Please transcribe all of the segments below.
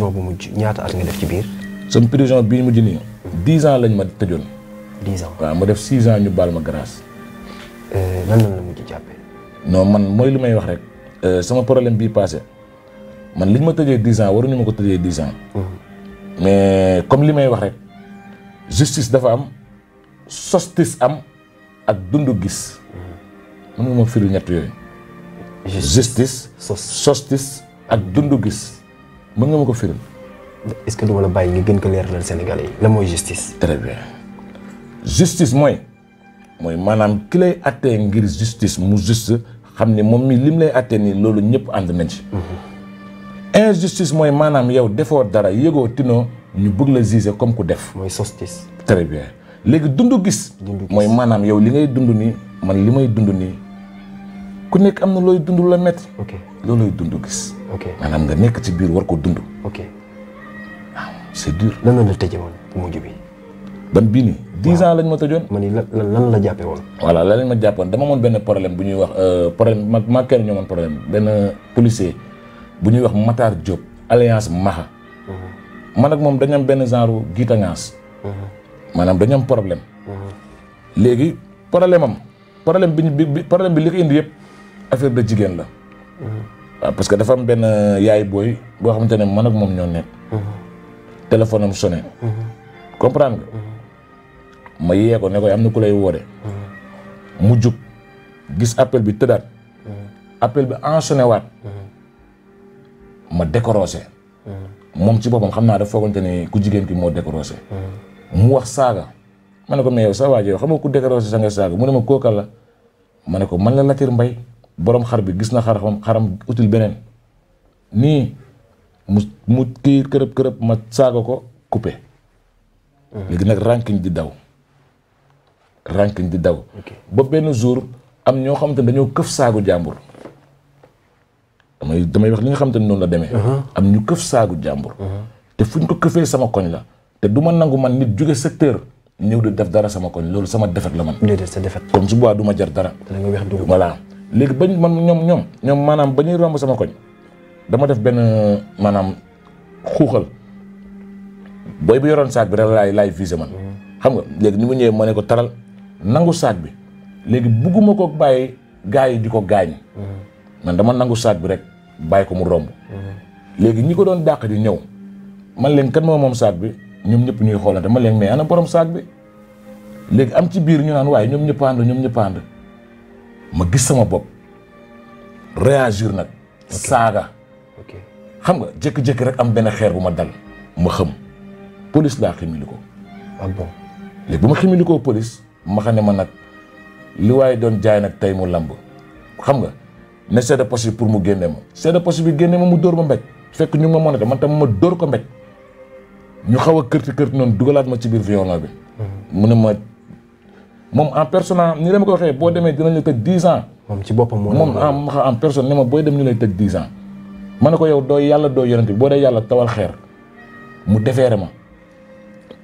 soo bu mujj ñaata at nga sama prison bii mujj nii. dix ans lañ ma tëjoon. dix ans waaw ma def six ans ñu baal ma grâce. lan euh, lan la mujj jàppee. man mooy li may wax rek. Euh, sama problème bii passé man liñ ma tëjee dix ans waruñu ma ko tëjee dix ans. mais comme li may wax rek justice dafa am sostis am ak dundu gis. mën nga ma firi ñett yooyu. justice sostis ak dundu gis. mën nga ma ko firil. est-ce que duma la bàyyi nga gën ko leeralal Sénégalais yi. la mooy justice. très bien justice mooy mooy maanaam ki lay attee ngir justice mu juste xam ne moom mi lim lay attee nii loolu ñëpp ànd nañ ci. Mhm. injustice mooy maanaam yow defoo dara yëgoo tinoo ñu bugg la juger comme ku def. mooy justice. très bien léegi dund gis. dund gis mooy maanaam yow li ngay dund nii man li may dund nii. ku nekk am na looy dund la métti. ok loolooy dund gis. ok maanaam nga nekk ci biir war ko dund. ok waaw c'est dur. lan la la tëjee woon bu mujj bi. ban bii nii. dix ans lañ ma tëjoon. ma ni lan lan la jàppee woon. voilà lan lañ jàppoon dama moom benn problème bu ñuy wax euh, problème ma ma kër ñoo amoon problème benn policier bu ñuy wax Matar Diop alliance Maha. Mm-hmm. man ak moom dañu am benn genre gitangaas. Mm-hmm. maanaam dañu am problème. Mm-hmm. léegi problème am problème bi ñu bi bi problème bi li ko indi yëpp. affaire de jigéen la. Mm-hmm. waaw parce que dafa am benn euh, yaay booy boo xamante ne man ak moom ñoo nekk. Mm-hmm. téléphone am sonné. Mm-hmm. ma yee ko ne koy am na ku lay woore mu jug gis appel bi tëddaat. appel bi ensonné waat. ma décorosé. moom ci boppam xam naa dafa foogante ne ku jigéen ki moo décorosé. mu wax saaga. ma ne ko mais sa waa ji yow xam nga ku décorosé sa nga saaga mu ne ma kooka la ma ne ko man la Latir mbay borom xar bi gis na xaram xaram util beneen nii mu mu kii kërëb kërëb ma saaga ko coupé. léegi nag ranking di daw. ranking di daw. ba benn jour am ñoo xam ne dañoo këf saagu jàmbur. damay damay wax li nga xamante ne noonu la demee. Uh-huh. am ñu këf saagu jàmbur. Uh-huh. te fu ñu ko këfee sama koñ la. te du ma nangu man nit jóge secteur. ñëw di def dara sama koñ loolu sama defet la man. ñëw di sa defet. kon su boobaa du jar dara. dana nga léegi bañ man ñoom ñoom ñoom maanaam ba ñuy romb sama koñ dama def benn maanaam xuuxal booy bi yoroon saat bi rek laay laay visé man. xam nga léegi ni mu ñëwee ma ne ko taral nangu saat bi léegi bugguma ko bàyyi gaa yi di ko gaañ. man dama nangu saat bi rek bàyyi ko mu romb. léegi ñi ko doon dàq di ñëw man leen kan moo moom saat bi ñoom ñëpp ñuy xoolante man leen mais ana borom saat bi léegi am ci biir ñu naan waaye ñoom ñëpp ànd ñoom ñëpp ànd ma gis sama bopp réagir nag. saaga. xam nga jékki-jékki rek am benn xeer bu ma dal. ma xëm police laa ximili ko. ah bon léegi bu ma ximili ko police ma xam ne ma nag li waaye doon jaay nag tey mu lamb xam nga ne c'est de pour mu génne ma. c'est de bi génne ma mu dóor ma mbéj. fekk ñu ma mën a man tam ma dóor ko mbéj ñu xaw a kërti kërti noonu dugalaat ma ci biir violon bi. Mhm. mu ne ma moom en personnel ni la ma ko waxee boo demee dinañ la tëj dix ans. moom ci boppam moo moom en en personne ma booy dem ñu lay tëj ma ne ko yow dooy yàlla dooy yonent boo dee yàlla tawal xeer mu defeere ma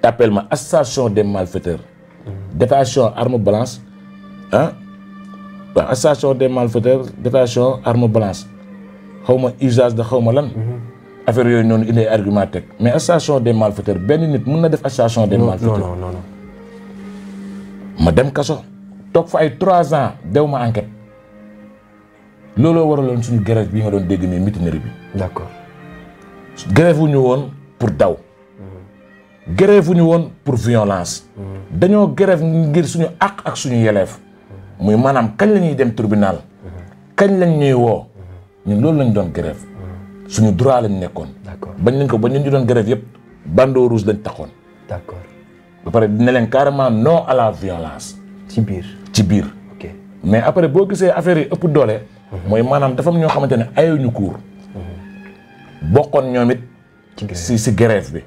tàppeel ma des malfaiteurs. Mm. détention arme blanche ah waaw association des malfaiteurs détention arme xaw ma usage da xaw ma lan. Mm-hmm. affaire yooyu noonu il est argument teg mais association des malfaiteurs benn nit mun na def association des malfaiteurs non non ma dem kaso toog fa ay trois ans dew ma enquête looloo waraloon suñu grève bi nga doon dégg nii mutinerie bi. d'accord ñu woon pour daw. grève ñu woon pour violence. dañoo grève ngir suñu àq ak suñu yeleef. muy maanaam kañ la ñuy dem tribunal. kañ lañ ñuy woo. ñun loolu lañ doon grève suñu droit lañ nekkoon. d'accord bañ nañ ko ba ñu ñu doon grève yëpp bandeau rouge lañ taxoon. d'accord. ba pare dina leen carrément non à la violence. ci biir ci biir. mais après boo gisee affaire yi ëpp doole. mooy maanaam dafa am ñoo xamante ne ayuñu cour. Mhm. bokkoon ñoom it. ci si grève bi.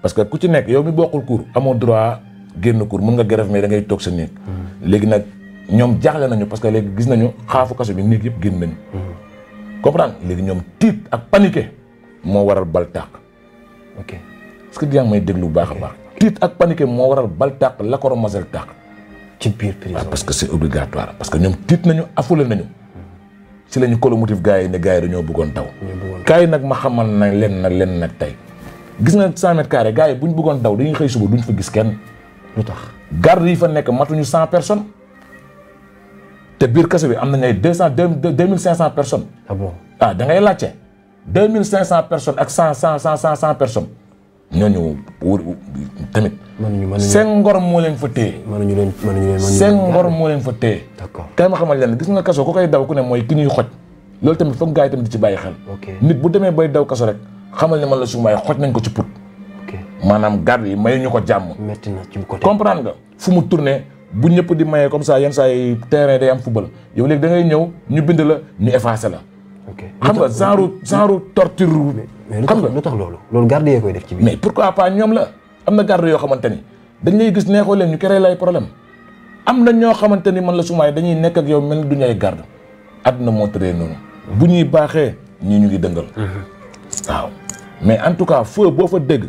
parce que ku ci nekk yow mi bokkul cour amoon droit génn cour mun nga grève mais dangay toog sa néeg. Mhm. léegi nag ñoom jaaxle nañu parce que léegi gis nañu xaafu kaso bi néeg yëpp génn nañu. Mhm. comprendre léegi ñoom tiit ak paniqué moo waral bal tàq. ok que yaa ngi may déglu bu baax a baax. tiit ak panique moo waral bal tàq lacrymogène tàq. ci biir prison parce que c'est obligatoire parce que ñoom tiit nañu affolé nañu. si la colomotive gars yi ne gars yi bëggoon taw. kaay nag ma xamal na leen nag leen nag tey. gis nga 100 mètres carrés gars yi bu ñu bëggoon daw dañuy xëy suba duñ fa gis kenn. lu tax garde yi fa nekk matuñu cent personnes. te biir kaso bi am nañ ay 200 2500 personnes. ah bon ah da ngay laajte 2500 cent cent cent 100 100 100 ñooñu wóor tamit. seen ngor moo leen fa téye. mënuñu leen mënuñu leen seen ngor moo leen fa téye. d'accord ma xamal leen gis nga kaso ko koy daw ku ne mooy ki ñuy xoj. loolu tamit foog gars yi tamit di ci bàyyi xel. nit bu demee bay daw kaso rek xamal ne man la sumaay xoj nañ ko ci put. maanaam garde yi mayuñu ko jàmm. métti na ci côté comprendre nga fu mu tourné bu ñëpp di mayee comme ça yenn saa yi terrain day am football yow léegi da ngay ñëw ñu bind la ñu effacé la. xam nga genre genre torture. xam nga lu tax loolu. loolu garde yee koy def ci biir. mais pourquoi pas ñoom la am na garde yoo xamante ni dañ lay gis neexoo leen ñu créé lay problème am na ñoo xamante ni man la sumaay dañuy nekk ak yow mel ni du duñu ay garde àdduna moo tëree noonu. Mm-hmm. bu ñuy baaxee ñii ñu ngi dëngal. Mm-hmm. waaw mais en tout cas feu boo fa dégg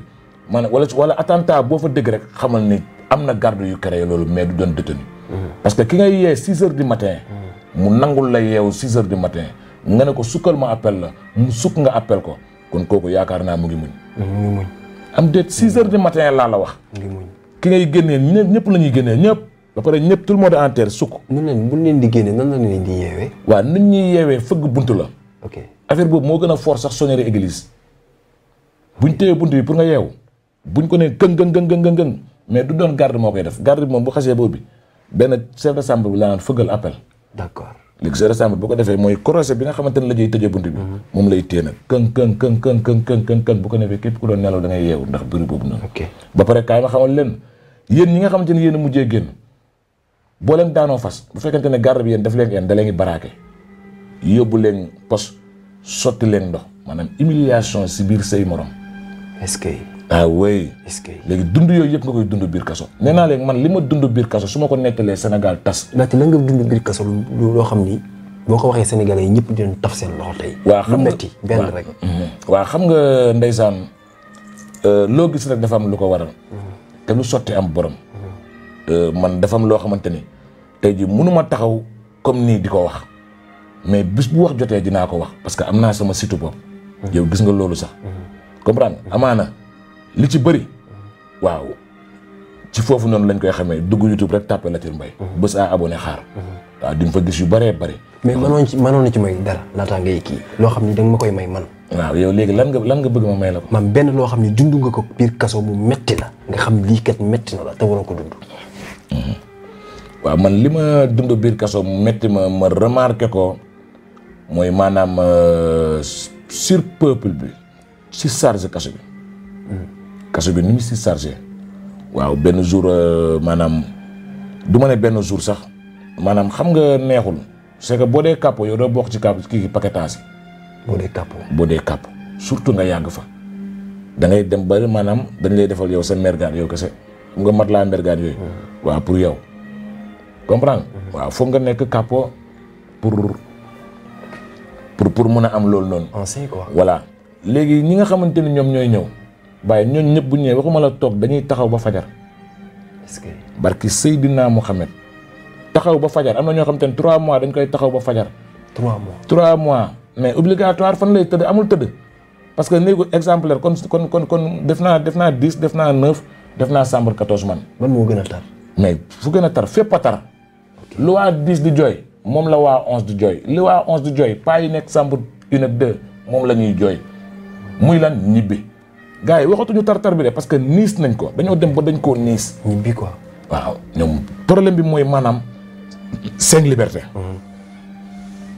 maanaam wala wala attentat boo fa dégg rek xamal ni am na garde yu créé loolu mais du doon détenu. Mm-hmm. parce que ki ngay yee six heures du matin. mu nangul la yeewu six heures du matin. nga ne ko sukkal ma appel la mu sukk nga appel ko kon kooku yaakaar naa mu ngi muñ. mu ngi muñ. am déet 6 heures du matin laa la wax. mu ki ngay génnee ñëpp la ñuy génnee ñëpp. ba pare ñëpp tout le monde en terre di génne nan la leen di yeewee. waaw nit ñuy yeewee fëgg bunt la. ok affaire boobu moo gën a fort sax sonnerie église. ñu téye bunt bi pour nga yeewu buñ ko nee gën gën gën gën gën mais du doon garde moo koy def garde bi moom bu xasee boobu benn chef de chambre bi laa naan fëggal appel. léegi sa rassemblement boo ko defee mooy corosé bi nga xamante ne la ñuy tëjee bunt bi mhm. moom lay téye nag këng këng këng këng këng këng këng këng bu ko defee képp ku doon nelaw da ngay yeewu ndax bëri boobu noonu ba pare kaay ma xamal leen yéen ñi nga xamante ne yéen a mujjee génn boo leen daanoo fas bu fekkente ne garde bi yéen daf leen yéen da leen ngi baraake yóbbu leen pos sotti leen ndox maanaam humiliation si biir say morom ah oui léegi dund yooyu yëpp nga koy dund biir kaso nee naa léegi man li ma dund biir kaso su ma ko nettalee Sénégal tas ndaxte lan nga dund biir kaso lu loo xam ni boo ko waxee Sénégalais yi ñëpp dinañ taf seen loxo tey waaw xam nga benn rek mhm. waaw xam nga ndeysaan euh, loo gis rek dafa am lu ko waral mhm. te lu sotti am borom euh, man dafa am loo xamante ni tey ji mënuma taxaw comme nii di ko wax mais bis bu wax jotee dinaa ko wax parce que am naa sama situ bopp mhm. yow gis nga loolu sax comprendre amaana li ci bëri waaw ci foofu noonu lañ koy xamee dugg YouTube rek tàppe Latir Mbaye mhm. bés à abonné xaar mhm. waaw di nga fa gis yu bëree bëri mais mënoon ci manoon na ci may dara laataa ngay kii loo xam ni da ma koy may man waaw yow léegi lan nga bëgg ma may la ko man benn loo xam ne dund nga ko biir kaso bu metti la nga xam lii kat metti na la te waroon ko dund mhm. waaw man li ma dund biir kaso mu metti ma ma remarqué ko mooy maanaam euh, sur peuple bi surcharge kaso bi kaso bi ni mu si chargé waaw benn jour euh, maanaam du ma ne benn jour sax maanaam xam nga neexul c'est que boo dee kàppo yow doo bokk ci kàpp kii paquetage yi. boo dee boo dee kàpp surtout nga yàgg fa. dangay dem ba maanaam dañ lay defal yow sa mergaan yow kese nga mat laa mergaan yooyu. Mm-hmm. waaw pour yow. comprendre mm-hmm. waaw foog nga nekk kàppo pour pour pour mun a am loolu noonu. on sait voilà léegi ñi nga xamante ni ñoom ñooy ñëw. waaye ñooñu ñëpp bu ñëwee waxuma la toog dañuy taxaw ba fajar. est-ce que barki Seydina taxaw ba fajar am na ñoo xam te ne mois dañ koy taxaw ba fajar. 3 mois 3 mois mais obligatoire fan lay tëdd amul tëdd. parce que néegu exemplaire kon kon kon kon def naa def naa 10 def naa 9 def naa chambre 14 man. man moo gën a tar. mais fu gën a tar fépp a tar. lu waa 10 di jooy moom la waa 11 di jooy li waa 11 di jooy paa yi nekk chambre une moom la ñuy jooy muy lan ñibbi. gars yi waxatuñu tartar bi de parce que niis nañ ko dañoo dem ba dañ koo niis. ñibbi quoi. waaw ñoom problème bi mooy maanaam seen liberté.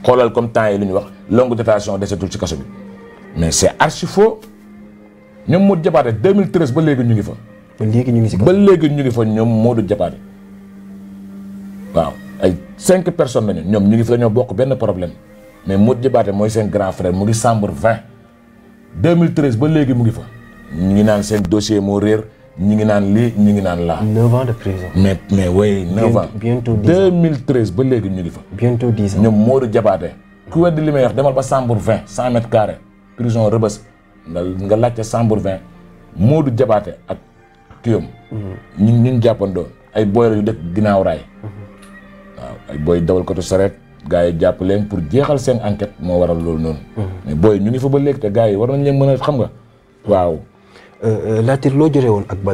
xoolal comme temps yi lu ñu wax longue détention desetul ci kaso bi mais c' est archi faux ñoom Modou Diabaté 2013 ba léegi ñu ngi fa. ba léegi ñu ngi si ba léegi ñu ngi fa ñoom Modou Diabaté waaw ay cinq personnes lañu ñoom ñu ngi fa dañoo bokk benn problème mais Modou Diabaté mooy seen grand frère mu ngi chambre 20 2013 ba léegi mu ngi fa. ñu ngi naan seen dossier moo réer ñu ngi naan li ñu ngi naan laa. 9 ans de prison. mais mais oui 9 ans bientôt 10 ans ba léegi ñu ngi fa. bientôt 10 ans ñoom Modou Diabaté. ku weddi li may wax demal ba Sambour 20 100 mètres carrés prison Rebeuss nga nga laajte Sambour 20 Modou Diabaté ak kiyom mm-hmm. ñu ñu ñu jàppandoo ay booy yu dëkk ginnaaw raay. Mm-hmm. waaw ay booy dawal ko sareet gaa yi jàpp leen pour jeexal seen enquête moo waral loolu noonu. Mm-hmm. mais booy ñu ngi fa ba léegi te gars yi war nañ leen mën a xam nga waaw. Euh, euh, latir loo jëlee woon ak